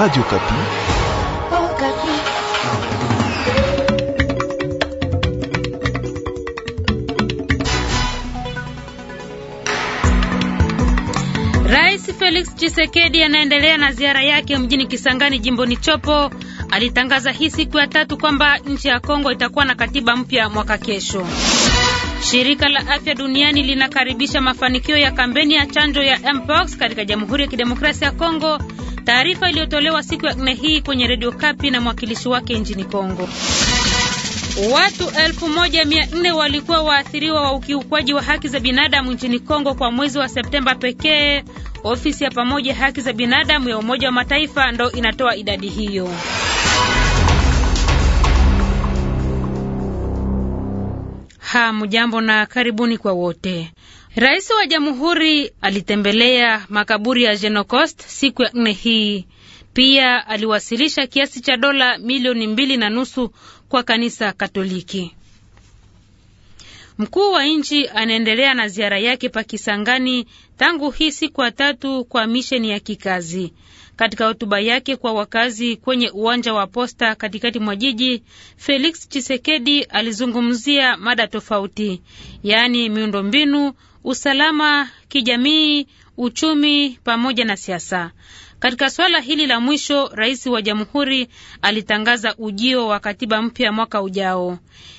Radio Kapi. Oh, Kapi. Rais Felix Tshisekedi anaendelea na ziara yake mjini Kisangani jimboni Chopo. Alitangaza hii siku ya tatu kwamba nchi ya Kongo itakuwa na katiba mpya mwaka kesho. Shirika la Afya Duniani linakaribisha mafanikio ya kampeni ya chanjo ya Mpox katika Jamhuri ya Kidemokrasia ya Kongo Taarifa iliyotolewa siku ya nne hii kwenye redio Kapi na mwakilishi wake nchini Kongo. Watu 1400 walikuwa waathiriwa wa ukiukwaji wa haki za binadamu nchini Kongo kwa mwezi wa Septemba pekee. Ofisi ya pamoja haki za binadamu ya Umoja wa Mataifa ndo inatoa idadi hiyo. Hamjambo na karibuni kwa wote. Rais wa jamhuri alitembelea makaburi ya Genocost siku ya nne hii. Pia aliwasilisha kiasi cha dola milioni mbili na nusu kwa kanisa Katoliki. Mkuu wa nchi anaendelea na ziara yake Pakisangani tangu hii siku ya tatu kwa misheni ya kikazi. Katika hotuba yake kwa wakazi kwenye uwanja wa posta katikati mwa jiji, Felix chisekedi alizungumzia mada tofauti, yaani miundombinu usalama, kijamii, uchumi pamoja na siasa. Katika swala hili la mwisho, rais wa jamhuri alitangaza ujio wa katiba mpya mwaka ujao.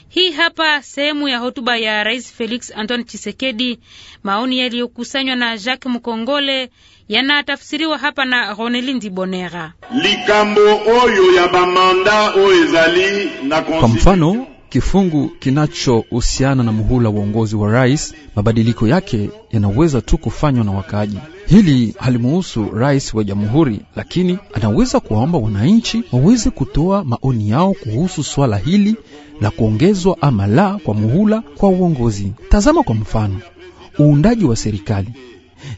Hii hapa sehemu ya hotuba ya Rais Felix Antoine chisekedi Maoni yaliyokusanywa na Jacques Mukongole yanatafsiriwa hapa na Ronelin Dibonera. Likambo oyo ya bamanda oyo ezali na. Kwa mfano Kifungu kinachohusiana na muhula wa uongozi wa rais, mabadiliko yake yanaweza tu kufanywa na wakaaji. Hili halimuhusu rais wa jamhuri, lakini anaweza kuwaomba wananchi waweze kutoa maoni yao kuhusu swala hili la kuongezwa ama la kwa muhula kwa uongozi. Tazama kwa mfano uundaji wa serikali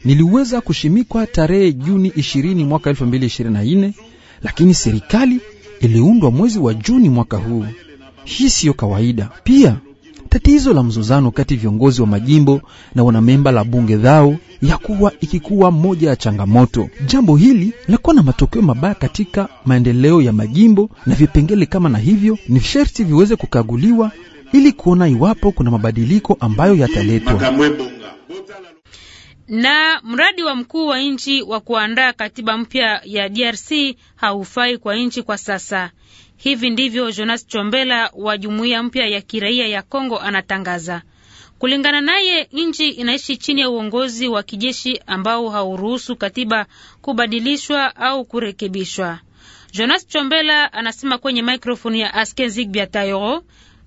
niliweza kushimikwa tarehe Juni 20 mwaka 2024, lakini serikali iliundwa mwezi wa Juni mwaka huu. Hii siyo kawaida. Pia tatizo la mzozano kati viongozi wa majimbo na wanamemba la bunge dhao ya kuwa ikikuwa moja ya changamoto. Jambo hili lakuwa na matokeo mabaya katika maendeleo ya majimbo, na vipengele kama na hivyo ni sherti viweze kukaguliwa ili kuona iwapo kuna mabadiliko ambayo yataletwa. Na mradi wa mkuu wa nchi wa kuandaa katiba mpya ya DRC haufai kwa nchi kwa sasa. Hivi ndivyo Jonas Chombela wa jumuiya mpya ya kiraia ya Kongo anatangaza. Kulingana naye, nchi inaishi chini ya uongozi wa kijeshi ambao hauruhusu katiba kubadilishwa au kurekebishwa. Jonas Chombela anasema kwenye maikrofoni ya Asken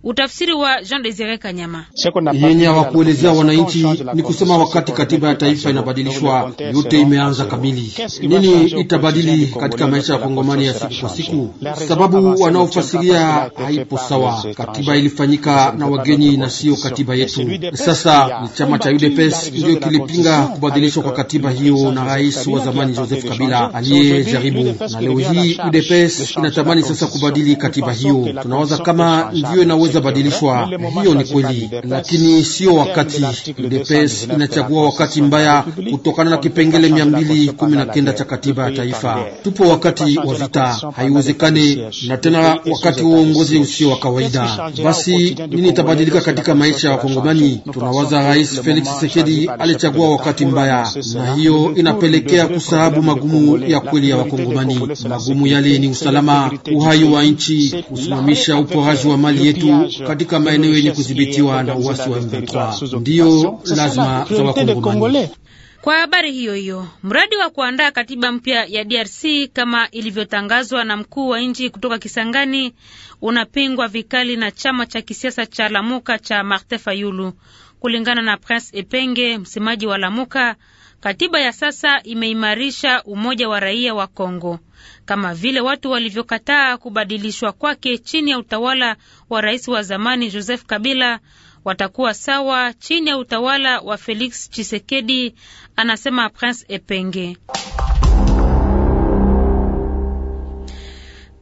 Utafsiri wa Jean Desire Kanyama. Yenye hawakuelezea wananchi ni kusema wakati katiba ya taifa inabadilishwa, yote imeanza kamili. Nini itabadili katika maisha ya kongomani ya siku kwa siku? Sababu wanaofasiria haipo sawa. Katiba ilifanyika na wageni na siyo katiba yetu. Sasa ni chama cha UDPS ndiyo kilipinga kubadilishwa kwa katiba hiyo na rais wa zamani Joseph Kabila aliye jaribu na leo hii UDPS inatamani sasa kubadili katiba hiyo. Tunawaza kama ndiyo inaweza badilishwa, hiyo ni kweli, lakini sio wakati. UDPS inachagua wakati mbaya kutokana na kipengele mia mbili kumi na kenda cha katiba ya taifa. Tupo wakati wa vita, haiwezekani, na tena wakati wa uongozi usio wa kawaida. Basi nini itabadilika katika maisha ya Wakongomani? Tunawaza Rais Felix Tshisekedi alichagua wakati mbaya, na hiyo inapelekea kusahabu magumu ya kweli ya Wakongomani. Magumu yale ni usalama, uhai wa nchi, kusimamisha uporaji wa mali yetu katika maeneo yenye kudhibitiwa na uasi wa M23, ndiyo lazima za Wakongomani. Kwa habari hiyo hiyo, mradi wa kuandaa katiba mpya ya DRC kama ilivyotangazwa na mkuu wa nchi kutoka Kisangani unapingwa vikali na chama cha kisiasa cha Lamuka cha Martin Fayulu. Kulingana na Prince Epenge, msemaji wa Lamuka, katiba ya sasa imeimarisha umoja wa raia wa Kongo kama vile watu walivyokataa kubadilishwa kwake chini ya utawala wa rais wa zamani Joseph Kabila watakuwa sawa chini ya utawala wa Felix Tshisekedi, anasema Prince Epenge.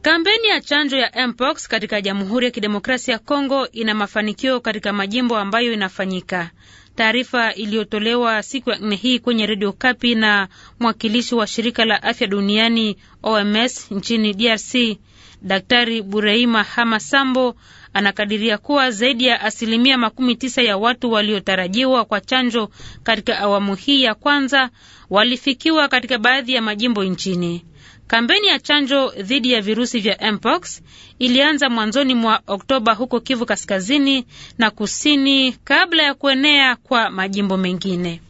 Kampeni ya chanjo ya mpox katika Jamhuri ya Kidemokrasia ya Kongo ina mafanikio katika majimbo ambayo inafanyika taarifa iliyotolewa siku ya nne hii kwenye redio Kapi na mwakilishi wa shirika la afya duniani OMS nchini DRC, Daktari Bureima Hamasambo anakadiria kuwa zaidi ya asilimia makumi tisa ya watu waliotarajiwa kwa chanjo katika awamu hii ya kwanza walifikiwa katika baadhi ya majimbo nchini. Kampeni ya chanjo dhidi ya virusi vya mpox ilianza mwanzoni mwa Oktoba huko Kivu Kaskazini na Kusini kabla ya kuenea kwa majimbo mengine.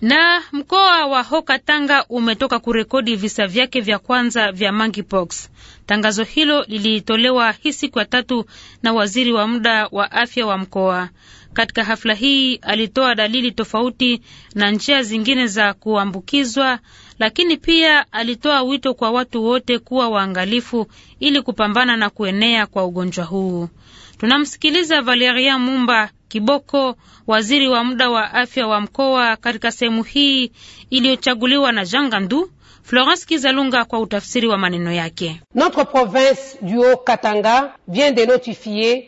Na mkoa wa Hoka Tanga umetoka kurekodi visa vyake vya kwanza vya monkeypox. Tangazo hilo lilitolewa hii siku ya tatu na waziri wa muda wa afya wa mkoa. Katika hafla hii alitoa dalili tofauti na njia zingine za kuambukizwa lakini pia alitoa wito kwa watu wote kuwa waangalifu ili kupambana na kuenea kwa ugonjwa huu. Tunamsikiliza Valeria Mumba Kiboko, waziri wa muda wa afya wa mkoa katika sehemu hii iliyochaguliwa na Jangandu. Florence Kizalunga kwa utafsiri wa maneno yake. Notre province du Haut Katanga vient de notifier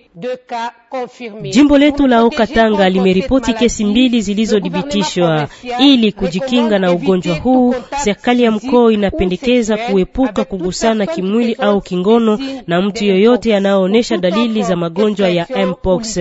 Jimbo letu la Okatanga limeripoti kesi mbili zilizodhibitishwa. Ili kujikinga na ugonjwa huu, serikali ya mkoa inapendekeza kuepuka kugusana kimwili au kingono na mtu yoyote anayoonyesha dalili za magonjwa ya mpox.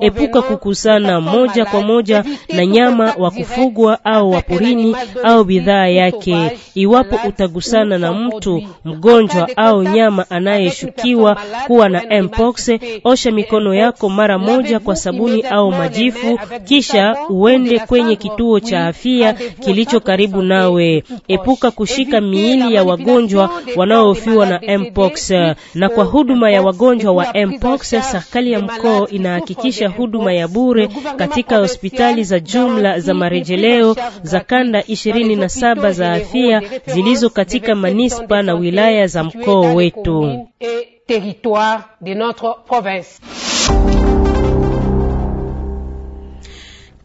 Epuka kukusana moja kwa moja na nyama wa kufugwa au wa porini au bidhaa yake. Iwapo utagusana na mtu mgonjwa au nyama anayeshukiwa kuwa na mpox, osha mikono yako mara moja kwa sabuni au majifu, kisha uende kwenye kituo cha afya kilicho karibu nawe. Epuka kushika miili ya wagonjwa wanaofiwa na mpox. Na kwa huduma ya wagonjwa wa mpox, serikali ya mkoa inahakikisha huduma ya bure katika hospitali za jumla za marejeleo za kanda 27 za afya zilizo katika manispa na wilaya za mkoa wetu.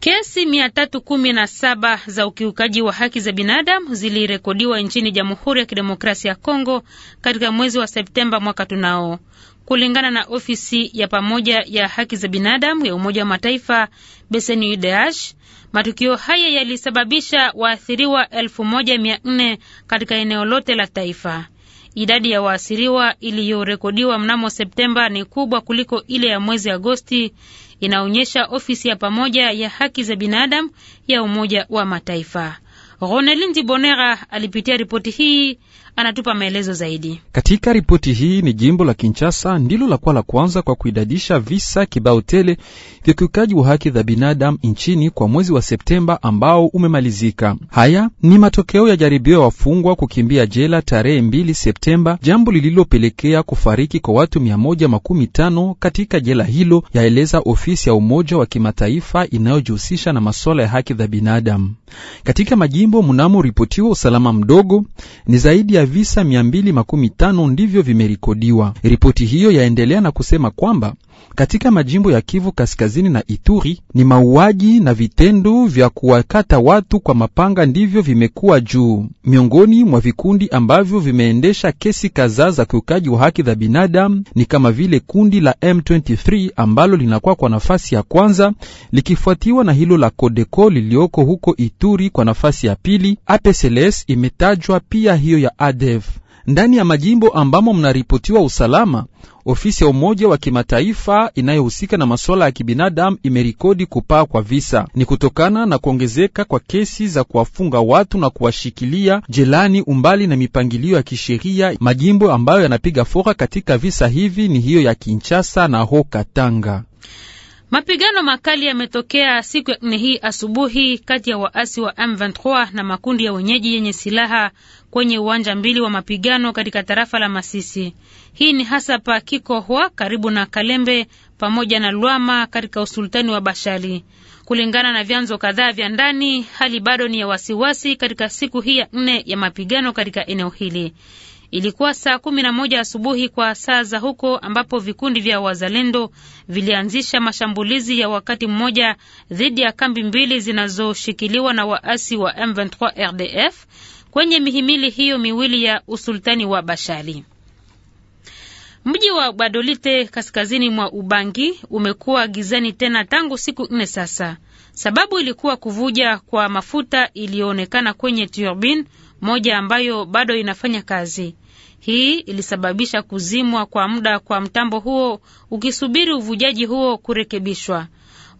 Kesi mia tatu kumi na saba za ukiukaji wa haki za binadamu zilirekodiwa nchini Jamhuri ya Kidemokrasia ya Kongo katika mwezi wa Septemba mwaka tunao, kulingana na ofisi ya pamoja ya haki za binadamu ya Umoja wa Mataifa BCNUDH. Matukio haya yalisababisha waathiriwa elfu moja mia nne katika eneo lote la taifa. Idadi ya waathiriwa iliyorekodiwa mnamo Septemba ni kubwa kuliko ile ya mwezi Agosti inaonyesha ofisi ya pamoja ya haki za binadamu ya Umoja wa Mataifa. Ronelin Dibonera alipitia ripoti hii, anatupa maelezo zaidi. Katika ripoti hii ni jimbo la Kinshasa ndilo la kuwa la kwanza kwa kuidadisha visa kibao tele vya ukiukaji wa haki za binadamu nchini kwa mwezi wa Septemba ambao umemalizika. Haya ni matokeo ya jaribio ya wafungwa kukimbia jela tarehe mbili Septemba, jambo lililopelekea kufariki kwa watu mia moja tano katika jela hilo, yaeleza ofisi ya Umoja wa Kimataifa inayojihusisha na masuala ya haki za binadamu katika majimbo jimbo ripotiwa usalama mdogo ni zaidi ya visa 215 ndivyo vimerikodiwa. Ripoti hiyo yaendelea na kusema kwamba katika majimbo ya Kivu Kaskazini na Ituri ni mauaji na vitendo vya kuwakata watu kwa mapanga ndivyo vimekuwa juu miongoni mwa vikundi ambavyo vimeendesha kesi kadhaa za kiukaji wa haki za binadamu. Ni kama vile kundi la M23 ambalo linakuwa kwa nafasi ya kwanza likifuatiwa na hilo la Codeco lilioko huko Ituri kwa nafasi ya pili. APCLS imetajwa pia hiyo ya ADF e ndani ya majimbo ambamo mnaripotiwa usalama. Ofisi ya Umoja wa Kimataifa inayohusika na masuala ya kibinadamu imerikodi kupaa kwa visa, ni kutokana na kuongezeka kwa kesi za kuwafunga watu na kuwashikilia jelani umbali na mipangilio ya kisheria. Majimbo ambayo yanapiga fora katika visa hivi ni hiyo ya Kinshasa na Haut-Katanga. Mapigano makali yametokea siku ya nne hii asubuhi kati ya waasi wa M23 na makundi ya wenyeji yenye silaha kwenye uwanja mbili wa mapigano katika tarafa la Masisi. Hii ni hasa pa Kikohwa karibu na Kalembe pamoja na Lwama katika usultani wa Bashali. Kulingana na vyanzo kadhaa vya ndani, hali bado ni ya wasiwasi katika siku hii ya nne ya mapigano katika eneo hili. Ilikuwa saa kumi na moja asubuhi kwa saa za huko ambapo vikundi vya wazalendo vilianzisha mashambulizi ya wakati mmoja dhidi ya kambi mbili zinazoshikiliwa na waasi wa M23 RDF kwenye mihimili hiyo miwili ya usultani wa Bashali. Mji wa Badolite kaskazini mwa Ubangi umekuwa gizani tena tangu siku nne sasa. Sababu ilikuwa kuvuja kwa mafuta iliyoonekana kwenye turbine moja ambayo bado inafanya kazi. Hii ilisababisha kuzimwa kwa muda kwa mtambo huo ukisubiri uvujaji huo kurekebishwa.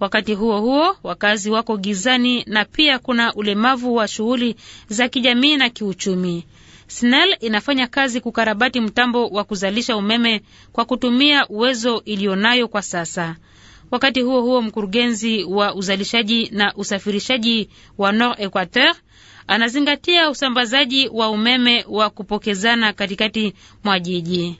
Wakati huo huo, wakazi wako gizani na pia kuna ulemavu wa shughuli za kijamii na kiuchumi. SNEL inafanya kazi kukarabati mtambo wa kuzalisha umeme kwa kutumia uwezo iliyonayo kwa sasa. Wakati huo huo, mkurugenzi wa uzalishaji na usafirishaji wa Nord Equateur anazingatia usambazaji wa umeme wa kupokezana katikati mwa jiji.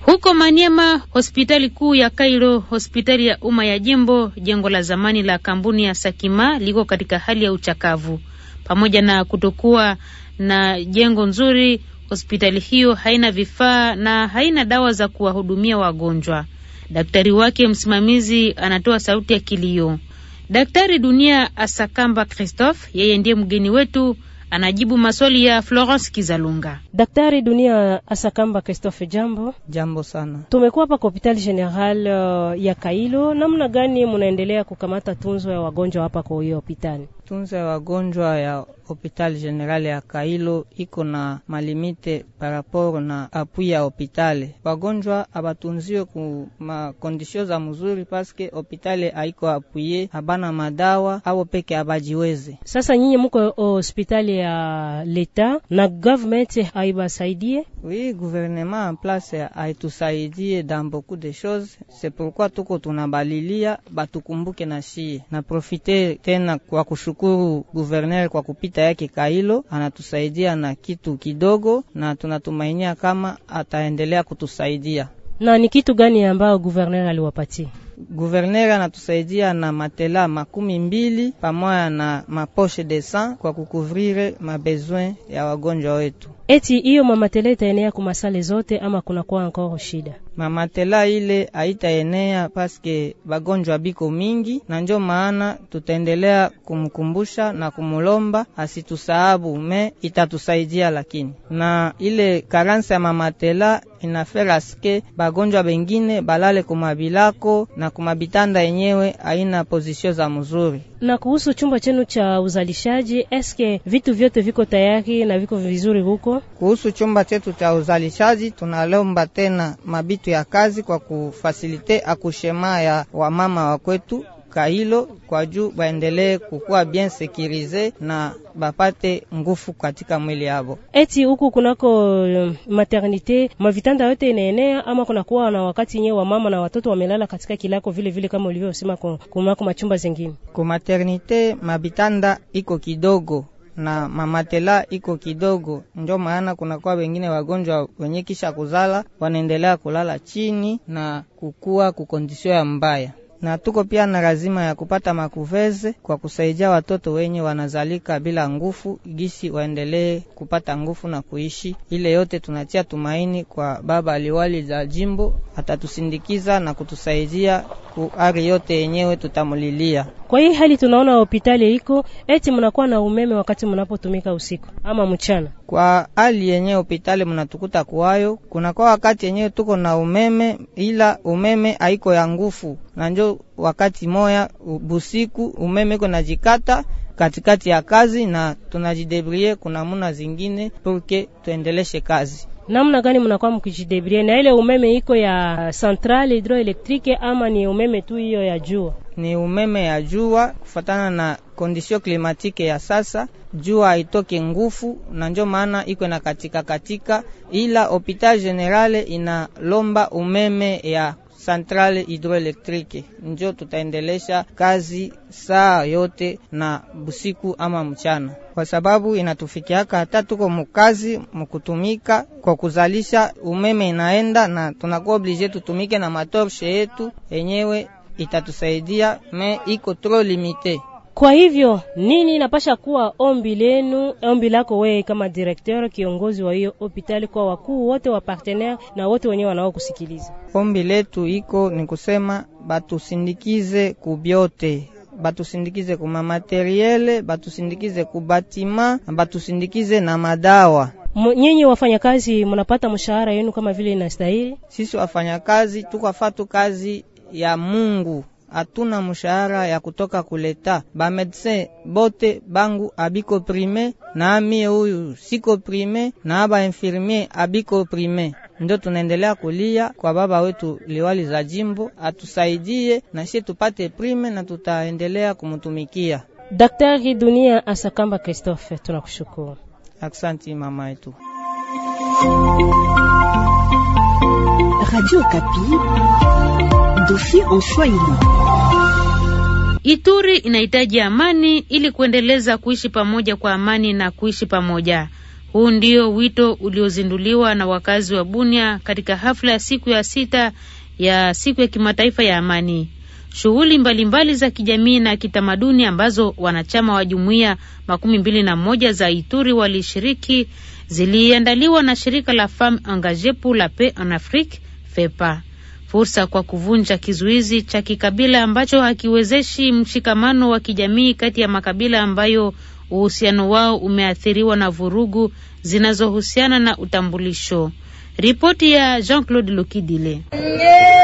Huko Maniema, hospitali kuu ya Kairo, hospitali ya umma ya jimbo, jengo la zamani la kampuni ya Sakima liko katika hali ya uchakavu. Pamoja na kutokuwa na jengo nzuri, hospitali hiyo haina vifaa na haina dawa za kuwahudumia wagonjwa. Daktari wake msimamizi anatoa sauti ya kilio. Daktari Dunia Asakamba Christophe, yeye ndiye mgeni wetu, anajibu maswali ya Florence Kizalunga. Daktari Dunia Asakamba Christophe, jambo. Jambo sana. Tumekuwa hapa kwa general uh, ya Kailo, namna gani munaendelea kukamata tunzo ya wagonjwa hapa kwa hiyo hopitali? kutunza wagonjwa ya hopitali generale ya Kailo iko na malimite paraporo na apui ya hopitale Wagonjwa abatunziwe ku makondisio za mzuri, paske hopitali haiko apuye, abana madawa abo peke abajiweze. Sasa nyinyi muko hospitali ya leta na government aibasaidie? Oui, gouvernement en place aitusaidie dans beaucoup de choses, c'est pourquoi tuko tunabalilia batukumbuke na shie na profite tena kwa kushuku tunamshukuru guverner kwa kupita yake Kailo, anatusaidia na kitu kidogo, na tunatumainia kama ataendelea kutusaidia. Na ni kitu gani ambayo guverner aliwapatia? Guverner anatusaidia na matela makumi mbili pamoja na maposhe de sang kwa kukuvrire mabezwin ya wagonjwa wetu eti hiyo mamatela itaenea kumasale zote ama kunakuwa ankoro shida? Mamatela ile haitaenea paske bagonjwa biko mingi, na njo maana tutaendelea kumkumbusha na kumulomba asitusahabu, me itatusaidia lakini, na ile karansa ya mamatela inaferaske bagonjwa bengine balale kumabilako na kumabitanda yenyewe aina pozisio za mzuri. Na kuhusu chumba chenu cha uzalishaji, eske vitu vyote viko tayari na viko vizuri huko? Kuhusu chumba chetu cha uzalishaji, tunalomba tena mabitu ya kazi kwa kufasilite akushema ya wamama wa kwetu Kailo kwa juu baendelee kukuwa bien sekirize na bapate nguvu katika mwili yabo. Eti huku kunako um, maternite mavitanda yote inaenea, ama kunakuwa na wakati nyewe wa mama na watoto wamelala katika kilako vile vile, kama ulivyosema kunako machumba zingine ku maternite mavitanda iko kidogo na mamatela iko kidogo, ndio maana kunakuwa wengine wagonjwa wenye kisha kuzala wanaendelea kulala chini na kukua kukondisio ya mbaya na tuko pia na lazima ya kupata makuveze kwa kusaidia watoto wenye wanazalika bila nguvu, gisi waendelee kupata nguvu na kuishi. Ile yote tunatia tumaini kwa baba aliwali za jimbo atatusindikiza na kutusaidia ari yote yenyewe tutamulilia. Kwa hii hali tunaona hospitali iko eti mnakuwa na umeme wakati mnapotumika usiku ama mchana. Kwa hali yenyewe hospitali mnatukuta kuwayo kunakuwa wakati yenyewe tuko na umeme, ila umeme haiko ya ngufu, na njo wakati moya busiku umeme iko najikata katikati ya kazi, na tunajidebrie kuna muna zingine purke tuendeleshe kazi namna gani mnakuwa mkijidebrie na ile umeme iko ya centrale hydroelectrique ama ni umeme tu hiyo ya jua? Ni umeme ya jua kufatana na kondisio klimatike ya sasa, jua haitoke ngufu, na njo maana iko na katika katika, ila hopital generale inalomba umeme ya centrale hydroelectrique ndio tutaendelesha kazi saa yote na busiku ama mchana, kwa sababu inatufikiaka hata tuko mukazi mkutumika kwa kuzalisha umeme inaenda na tunakuwa oblige tutumike na matorshe yetu yenyewe, itatusaidia me iko tro limite. Kwa hivyo nini inapasha kuwa ombi lenu, ombi lako wewe kama direkteur kiongozi wa hiyo hospitali, kwa wakuu wote wa partenaire na wote wenyewe kusikiliza? Ombi letu iko ni kusema batusindikize kubyote batusindikize ku mamateriele, batusindikize kubatima batima, batusindikize na madawa. Nyinyi wafanyakazi mnapata mshahara yenu kama vile inastahili? Sisi wafanyakazi tukafatu kazi ya Mungu atuna mushahara ya kutoka kuleta bamedse bote bangu abiko prime na amie huyu siko prime na aba infirmier abiko prime. Ndio tunaendelea kulia kwa baba wetu liwali za jimbo atusaidie na sie tupate prime na tutaendelea kumutumikia. Daktari Dunia Asakamba Christophe, tunakushukuru. Asante mama yetu. Radio Kapi, dossier en Swahili. Ituri inahitaji amani ili kuendeleza kuishi pamoja kwa amani na kuishi pamoja. Huu ndio wito uliozinduliwa na wakazi wa Bunia katika hafla ya siku ya sita ya siku ya kimataifa ya amani. Shughuli mbalimbali za kijamii na kitamaduni ambazo wanachama wa jumuiya makumi mbili na moja za Ituri walishiriki ziliandaliwa na shirika la Femme Engage pour la Paix en Afrique FEPA, fursa kwa kuvunja kizuizi cha kikabila ambacho hakiwezeshi mshikamano wa kijamii kati ya makabila ambayo uhusiano wao umeathiriwa na vurugu zinazohusiana na utambulisho. Ripoti ya Jean-Claude Lukidile. Yeah.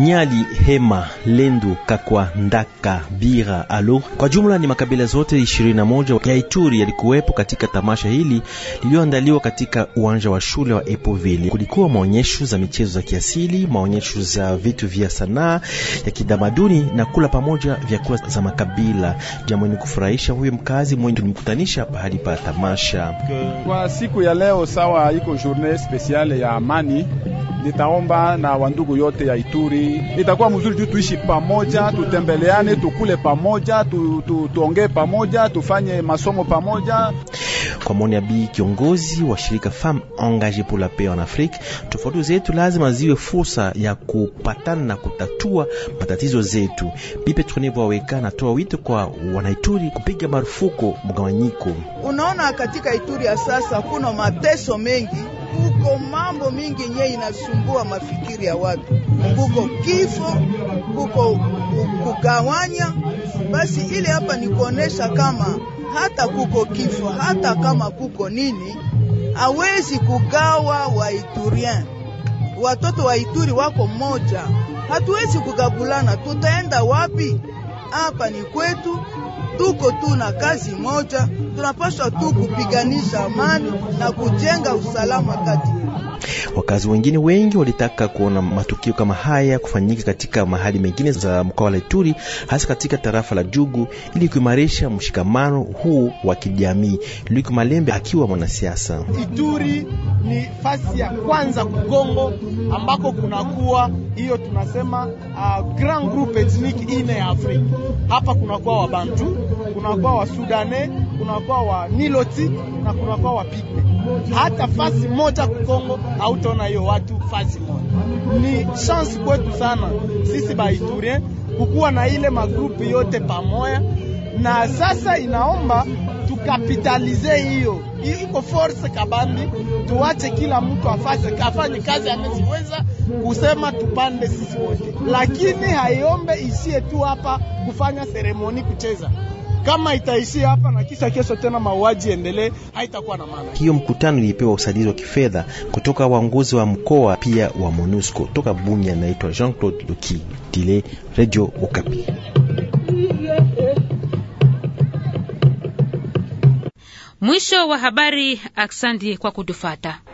Nyali, Hema, Lendu, Kakwa, Ndaka, Bira, Alo, kwa jumla ni makabila zote 21 ya Ituri yalikuwepo katika tamasha hili lililoandaliwa katika uwanja wa shule wa Epoville. Kulikuwa maonyesho za michezo za kiasili, maonyesho za vitu vya sanaa ya kidamaduni na kula pamoja vyakula za makabila. Jambo ni kufurahisha huyo mkazi mwenye tulimkutanisha pahali pa tamasha kwa siku ya leo. Sawa, iko journée spéciale ya amani nitaomba na wandugu yote ya Ituri, itakuwa mzuri juu tuishi pamoja, tutembeleane, tukule pamoja, tu, tu, tuongee pamoja, tufanye masomo pamoja. Kwa maoni ya Bi kiongozi wa shirika Femme Engagee pour la Paix en Afrique, tofauti zetu lazima ziwe fursa ya kupatana na kutatua matatizo zetu. Bi Petronile Waweka anatoa wito kwa wanaituri kupiga marufuku mgawanyiko. Unaona, katika Ituri ya sasa kuna mateso mengi kuko mambo mingi nye inasumbua mafikiri ya watu, kuko kifo, kuko kugawanya. Basi ile hapa ni kuonesha kama hata kuko kifo, hata kama kuko nini, hawezi kugawa Waiturien. Watoto wa Ituri wako moja, hatuwezi kugabulana. Tutaenda wapi? Hapa ni kwetu tuko tu na kazi moja, tunapaswa tu kupiganisha amani na kujenga usalama kati Wakazi wengine wengi walitaka kuona matukio kama haya kufanyika katika mahali mengine za mkoa wa Ituri, hasa katika tarafa la Jugu, ili kuimarisha mshikamano huu wa kijamii. luk Malembe akiwa mwanasiasa: Ituri ni fasi ya kwanza kugongo ambako kunakuwa hiyo tunasema uh, grand group ethnic ine ya Afrika. Hapa kunakuwa Wabantu kunakuwa wa Sudane, kunakuwa wa Niloti na kunakuwa wa Pigme. Hata fasi moja kukongo hautaona hiyo watu fasi moja. Ni chance kwetu sana sisi Baiturie kukuwa na ile magrupu yote pamoja, na sasa inaomba tukapitalize hiyo iko force kabambi, tuache kila mtu afanye kazi ameziweza kusema tupande sisi wote, lakini haiombe ishie tu hapa kufanya seremoni kucheza kama itaishia hapa na kisha kesho tena mauaji endelee, haitakuwa na maana. Hiyo mkutano ilipewa usaidizi wa kifedha kutoka waongozi wa mkoa pia wa MONUSCO. Toka Bunya, naitwa Jean-Claude Loki dile Radio Okapi. Mwisho wa habari. Aksandi kwa kutufata.